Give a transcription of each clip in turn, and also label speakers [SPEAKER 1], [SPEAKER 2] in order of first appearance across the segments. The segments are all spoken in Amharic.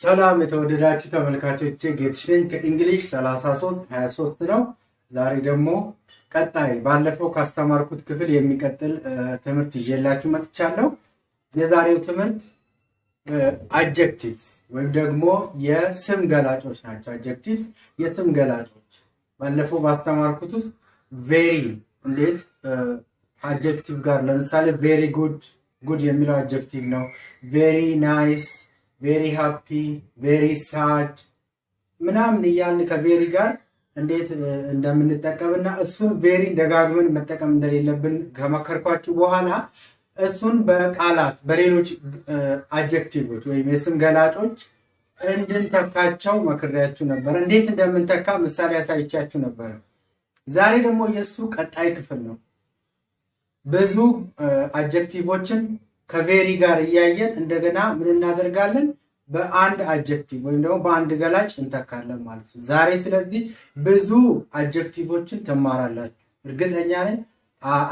[SPEAKER 1] ሰላም የተወደዳችሁ ተመልካቾቼ ጌትሽነኝ ከእንግሊሽ 33 23 ነው። ዛሬ ደግሞ ቀጣይ ባለፈው ካስተማርኩት ክፍል የሚቀጥል ትምህርት ይዤላችሁ መጥቻለሁ። የዛሬው ትምህርት አጀክቲቭስ ወይም ደግሞ የስም ገላጮች ናቸው። አጀክቲቭስ የስም ገላጮች ባለፈው ባስተማርኩት ውስጥ ቬሪ እንዴት አጀክቲቭ ጋር ለምሳሌ ቬሪ ጉድ ጉድ የሚለው አጀክቲቭ ነው። ቬሪ ናይስ ቬሪ ሃፒ፣ ቬሪ ሳድ ምናምን እያልን ከቬሪ ጋር እንዴት እንደምንጠቀም እና እሱን ቬሪ ደጋግመን መጠቀም እንደሌለብን ከመከርኳችሁ በኋላ እሱን በቃላት በሌሎች አጀክቲቮች ወይም የስም ገላጮች እንድንተካቸው መክሬያችሁ ነበረ እንዴት እንደምንተካ ምሳሌ ያሳይቻችሁ ነበረ። ዛሬ ደግሞ የእሱ ቀጣይ ክፍል ነው። ብዙ አጀክቲቮችን ከቬሪ ጋር እያየን እንደገና ምን እናደርጋለን? በአንድ አጀክቲቭ ወይም ደግሞ በአንድ ገላጭ እንተካለን ማለት ነው። ዛሬ ስለዚህ ብዙ አጀክቲቮችን ትማራላችሁ። እርግጠኛ ነኝ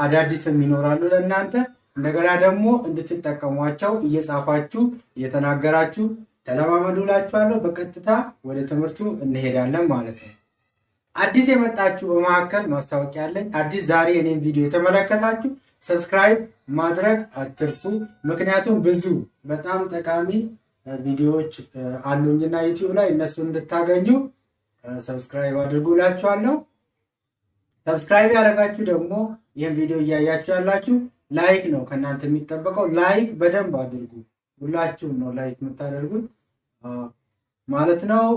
[SPEAKER 1] አዳዲስም ይኖራሉ ለእናንተ። እንደገና ደግሞ እንድትጠቀሟቸው እየጻፋችሁ እየተናገራችሁ ተለማመዱላችኋለሁ። በቀጥታ ወደ ትምህርቱ እንሄዳለን ማለት ነው። አዲስ የመጣችሁ በመካከል ማስታወቂያ አለኝ። አዲስ ዛሬ የኔን ቪዲዮ የተመለከታችሁ ሰብስክራይብ ማድረግ አትርሱ። ምክንያቱም ብዙ በጣም ጠቃሚ ቪዲዮዎች አሉኝና ዩቲዩብ ላይ እነሱ እንድታገኙ ሰብስክራይብ አድርጉላችኋለሁ። ሰብስክራይብ ያደረጋችሁ ደግሞ ይህን ቪዲዮ እያያችሁ ያላችሁ ላይክ ነው ከእናንተ የሚጠበቀው። ላይክ በደንብ አድርጉ። ሁላችሁም ነው ላይክ የምታደርጉት ማለት ነው።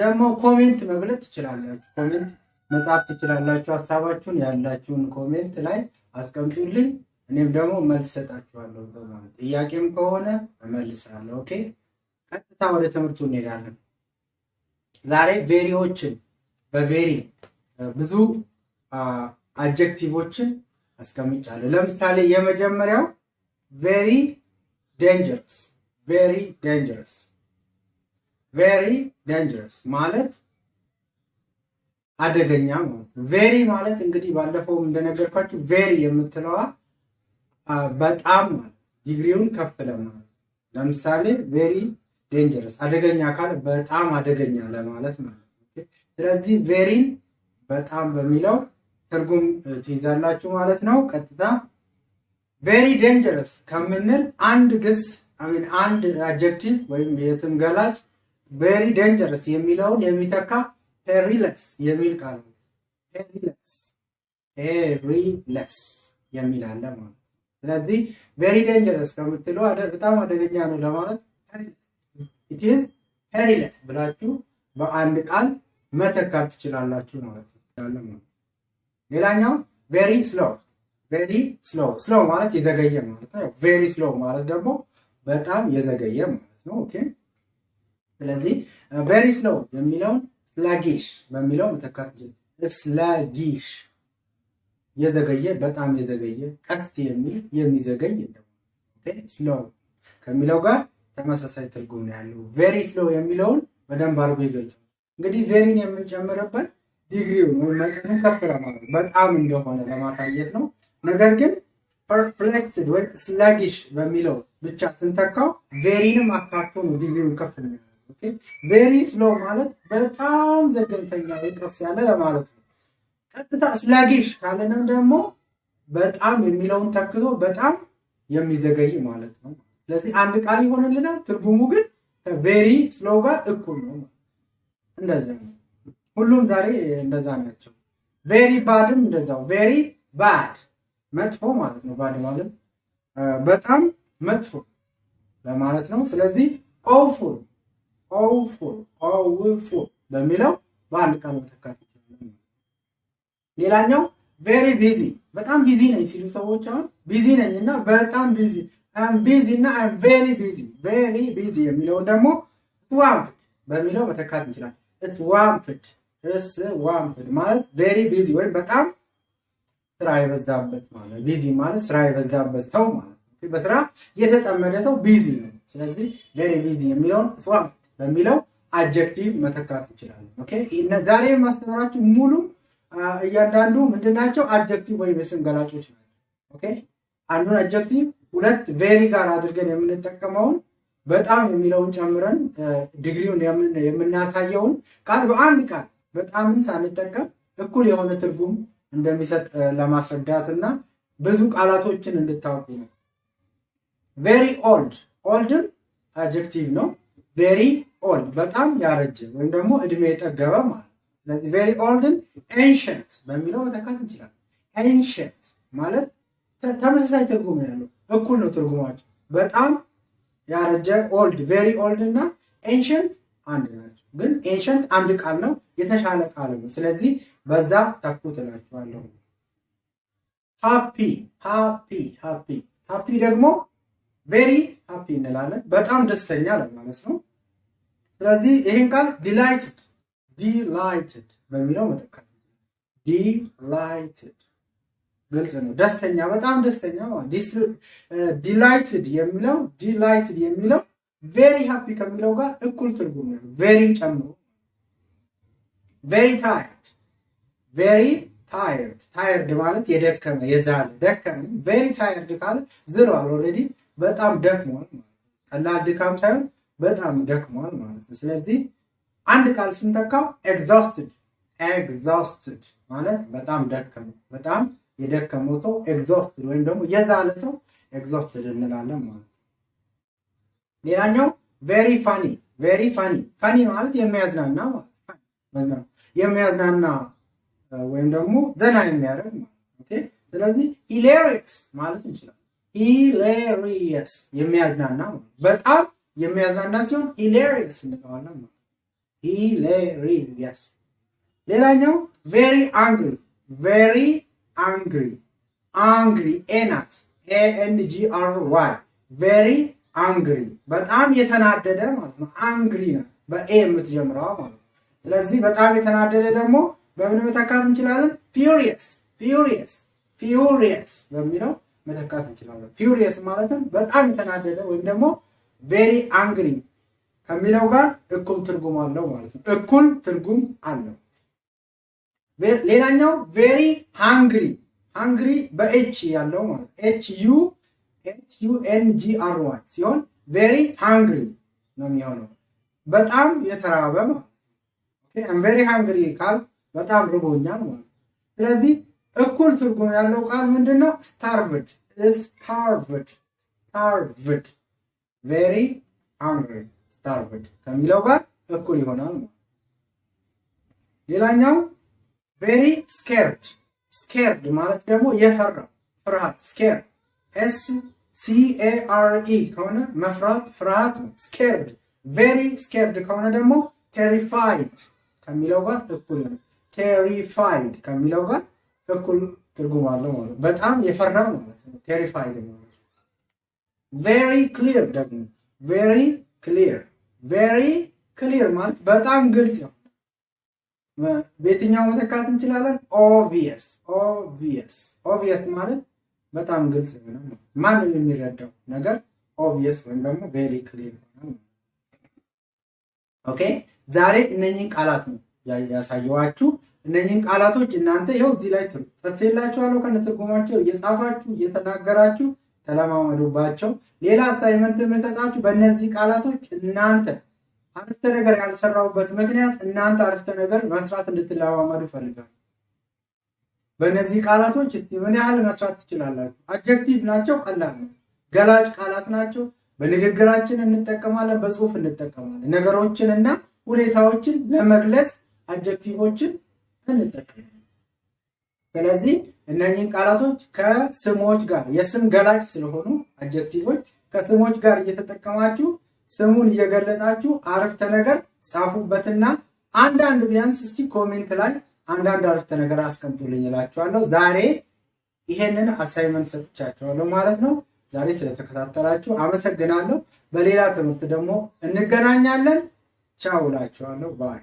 [SPEAKER 1] ደግሞ ኮሜንት መግለጽ ትችላላችሁ። ኮሜንት መጻፍ ትችላላችሁ። ሀሳባችሁን ያላችሁን ኮሜንት ላይ አስቀምጡልኝ። እኔም ደግሞ መልስ ሰጣችኋለሁ ጥያቄም ከሆነ እመልሳለሁ። ኦኬ፣ ቀጥታ ወደ ትምህርቱ እንሄዳለን። ዛሬ ቬሪዎችን በቬሪ ብዙ አጀክቲቮችን አስቀምጫለሁ። ለምሳሌ የመጀመሪያው ቬሪ ደንጀረስ፣ ቬሪ ደንጀረስ፣ ቬሪ ደንጀረስ ማለት አደገኛ ማለት ነው። ቬሪ ማለት እንግዲህ ባለፈውም እንደነገርኳችሁ ቬሪ የምትለዋ በጣም ዲግሪውን ከፍ ለማለት ለምሳሌ ቬሪ ዴንጀረስ አደገኛ አካል በጣም አደገኛ ለማለት ማለት ነው። ስለዚህ ቬሪን በጣም በሚለው ትርጉም ትይዛላችሁ ማለት ነው። ቀጥታ ቬሪ ዴንጀረስ ከምንል አንድ ግስ አንድ አጀክቲቭ ወይም የስም ገላጭ ቬሪ ዴንጀረስ የሚለውን የሚተካ ፔሪለስ የሚል ቃል ፔሪለስ ፔሪለስ የሚል አለ ማለት ስለዚህ ቬሪ ደንጀረስ ከምትለው በጣም አደገኛ ነው ለማለት ኢትዝ ፔሪለስ ብላችሁ በአንድ ቃል መተካት ትችላላችሁ ማለት ነው። ሌላኛው ቬሪ ስሎ ቬሪ ስሎ ስሎ ማለት የዘገየ ማለት ነው። ቬሪ ስሎ ማለት ደግሞ በጣም የዘገየ ማለት ነው። ኦኬ ስለዚህ ቬሪ ስሎ የሚለውን ስላጊሽ በሚለው መተካት ስላጊሽ የዘገየ በጣም የዘገየ ቀስ የሚል የሚዘገይ ስሎው ከሚለው ጋር ተመሳሳይ ትርጉም ነው ያለው። ቬሪ ስሎ የሚለውን በደንብ አድርጎ ይገልጻል። እንግዲህ ቬሪን የምንጨምርበት ዲግሪውን ወይም መጠኑን ከፍ ለማለት በጣም እንደሆነ ለማሳየት ነው። ነገር ግን ፐርፕሌክስድ ወይም ስላጊሽ በሚለው ብቻ ስንተካው ቬሪንም አካቶ ነው ዲግሪውን ከፍ ቬሪ ስሎ ማለት በጣም ዘገምተኛ ቀስ ያለ ለማለት ነው። ቀጥታ ስላጌሽ ካለንም ደግሞ በጣም የሚለውን ተክቶ በጣም የሚዘገይ ማለት ነው። ስለዚህ አንድ ቃል ይሆንልናል፣ ትርጉሙ ግን ከቬሪ ስሎ ጋር እኩል ነው። እንደዛ ሁሉም ዛሬ እንደዛ ናቸው። ቬሪ ባድም እንደዛው፣ ቬሪ ባድ መጥፎ ማለት ነው። ባድ ማለት በጣም መጥፎ ለማለት ነው። ስለዚህ ኦፉል ኦፉል ኦውፉል በሚለው በአንድ ቃል መተካት ሌላኛው ቬሪ ቢዚ በጣም ቢዚ ነኝ ሲሉ ሰዎች አሁን ቢዚ ነኝ እና በጣም ቢዚ አም ቢዚ እና አም ቬሪ ቢዚ ቬሪ ቢዚ የሚለውን ደግሞ ዋምፕድ በሚለው መተካት እንችላለን። እት ዋምፕድ እስ ዋምፕድ ማለት ቬሪ ቢዚ ወይም በጣም ስራ የበዛበት ማለት ቢዚ ማለት ስራ የበዛበት ሰው ማለት በስራ የተጠመደ ሰው ቢዚ ነው። ስለዚህ ቬሪ ቢዚ የሚለውን ስዋምፕድ በሚለው አጀክቲቭ መተካት እንችላለን። ኦኬ ዛሬ ማስተምራችሁ ሙሉ እያንዳንዱ ምንድን ናቸው? አጀክቲቭ ወይም የስም ገላጮች ናቸው። አንዱን አጀክቲቭ ሁለት ቬሪ ጋር አድርገን የምንጠቀመውን በጣም የሚለውን ጨምረን ዲግሪውን የምናሳየውን ቃል በአንድ ቃል በጣምን ሳንጠቀም እኩል የሆነ ትርጉም እንደሚሰጥ ለማስረዳት እና ብዙ ቃላቶችን እንድታውቁ ነው። ቬሪ ኦልድ ኦልድም አጀክቲቭ ነው። ቬሪ ኦልድ በጣም ያረጀ ወይም ደግሞ እድሜ የጠገበ ማለት ስለዚህ ቬሪ ኦልድን ኤንሸንት በሚለው መተካት እንችላለን። ኤንሸንት ማለት ተመሳሳይ ትርጉም ያለው፣ እኩል ነው ትርጉማቸው። በጣም ያረጀ ኦልድ፣ ቬሪ ኦልድ እና ኤንሸንት አንድ ናቸው። ግን ኤንሸንት አንድ ቃል ነው፣ የተሻለ ቃል ነው። ስለዚህ በዛ ተኩ ትላችኋለሁ። ሃፒ ሃፒ ሃፒ ሃፒ ደግሞ ቬሪ ሃፒ እንላለን፣ በጣም ደስተኛ ለማለት ነው። ስለዚህ ይህን ቃል ዲላይትድ ዲላይትድ በሚለው መጠቀም ዲላይትድ ግልጽ ነው። ደስተኛ በጣም ደስተኛ ዲላይትድ uh, የሚለው ዲላይትድ የሚለው ቬሪ ሃፒ ከሚለው ጋር እኩል ትርጉም ነው። ቬሪን ጨምሮ ቬሪ ታይርድ ቬሪ ታይርድ ታይርድ ማለት የደከመ የዛለ ደከመ። ቬሪ ታይርድ ካለ ዝሏል። ኦልሬዲ በጣም ደክሟል ቀላል ድካም ሳይሆን በጣም ደክሟል ማለት ነው። ስለዚህ አንድ ቃል ስንተካው ኤግዛስትድ ኤግዛስትድ ማለት በጣም ደከመ በጣም የደከመው ሰው ኤግዛስትድ ወይም ደግሞ የዛለ ሰው ኤግዛስትድ እንላለን ማለት ነው። ሌላኛው ቬሪ ፋኒ ቬሪ ፋኒ ፋኒ ማለት የሚያዝናና የሚያዝናና ወይም ደግሞ ዘና የሚያደርግ ማለት ኦኬ ስለዚህ ሂሌሪየስ ማለት እንችላለን ሂሌሪየስ የሚያዝናና በጣም የሚያዝናና ሲሆን ሂሌሪየስ እንለዋለን ማለት ሂለሪ ያስ። ሌላኛው ቬሪ አንግሪ ቬሪ አንግሪ አንግሪ ኤናት ኤኤንጂአር ዋይ ቬሪ አንግሪ በጣም የተናደደ ማለት ነው። አንግሪ ነው በኤ የምትጀምረዋ ማለት ነው። ስለዚህ በጣም የተናደደ ደግሞ በምን መተካት እንችላለን? ፊውሪየስ ፊውሪየስ ፊሪየስ በሚለው መተካት እንችላለን። ፊሪየስ ማለትም በጣም የተናደደ ወይም ደግሞ ቬሪ አንግሪ ከሚለው ጋር እኩል ትርጉም አለው ማለት ነው። እኩል ትርጉም አለው። ሌላኛው ቬሪ ሃንግሪ ሃንግሪ በኤች ያለው ማለት ኤች ዩ ኤች ዩ ኤን ጂ አር ዋይ ሲሆን ቬሪ ሃንግሪ ነው የሚሆነው በጣም የተራበ ማለት ኦኬ አም ቬሪ ሃንግሪ ካል በጣም ርቦኛል ማለት ስለዚህ እኩል ትርጉም ያለው ቃል ምንድነው? ስታርቭድ ስታርቭድ ስታርቭድ ቬሪ ሃንግሪ ዳርዊን ከሚለው ጋር እኩል ይሆናል። ሌላኛው ቬሪ ስኬርድ ስኬርድ ማለት ደግሞ የፈራ ፍርሃት ስኬር ኤስ ሲ ኤ አር ኢ ከሆነ መፍራት ፍርሃት ነው። ስኬርድ ቬሪ ስኬርድ ከሆነ ደግሞ ቴሪፋይድ ከሚለው ጋር እኩል ነው። ቴሪፋይድ ከሚለው ጋር እኩል ትርጉም አለው ማለት በጣም የፈራ ማለት ነው። ቴሪፋይድ ማለት ቬሪ ክሊር ደግሞ ቬሪ ክሊር ቬሪ ክሊር ማለት በጣም ግልጽ ነው። በየትኛው መተካት እንችላለን? ኦቪየስ ኦቪየስ ኦቪየስ ማለት በጣም ግልጽ ነው። ማንም የሚረዳው ነገር ኦቪየስ ወይም ደግሞ ቬሪ ክሊር ነው። ኦኬ ዛሬ እነኚህን ቃላት ነው ያሳየዋችሁ። እነኚህን ቃላቶች እናንተ ይኸው እዚህ ላይ ጽፌላችኋለሁ ከነትርጉማቸው እየጻፋችሁ እየተናገራችሁ ተለማመዱባቸው። ሌላ አሳይመንት የምሰጣችሁ በእነዚህ ቃላቶች እናንተ አረፍተ ነገር ያልሰራሁበት ምክንያት እናንተ አረፍተ ነገር መስራት እንድትለማመዱ ፈልጋለሁ። በእነዚህ ቃላቶች እስቲ ምን ያህል መስራት ትችላላችሁ? አጀክቲቭ ናቸው፣ ቀላል ነው። ገላጭ ቃላት ናቸው። በንግግራችን እንጠቀማለን፣ በጽሁፍ እንጠቀማለን። ነገሮችን እና ሁኔታዎችን ለመግለጽ አጀክቲቮችን እንጠቀማለን። ስለዚህ እነኚህን ቃላቶች ከስሞች ጋር የስም ገላጭ ስለሆኑ አጀክቲቮች ከስሞች ጋር እየተጠቀማችሁ ስሙን እየገለጣችሁ አረፍተ ነገር ጻፉበትና አንዳንድ ቢያንስ እስቲ ኮሜንት ላይ አንዳንድ አረፍተ ነገር አስቀምጡልኝ እላችኋለሁ። ዛሬ ይሄንን አሳይመንት ሰጥቻችኋለሁ ማለት ነው። ዛሬ ስለተከታተላችሁ አመሰግናለሁ። በሌላ ትምህርት ደግሞ እንገናኛለን። ቻው እላችኋለሁ ባይ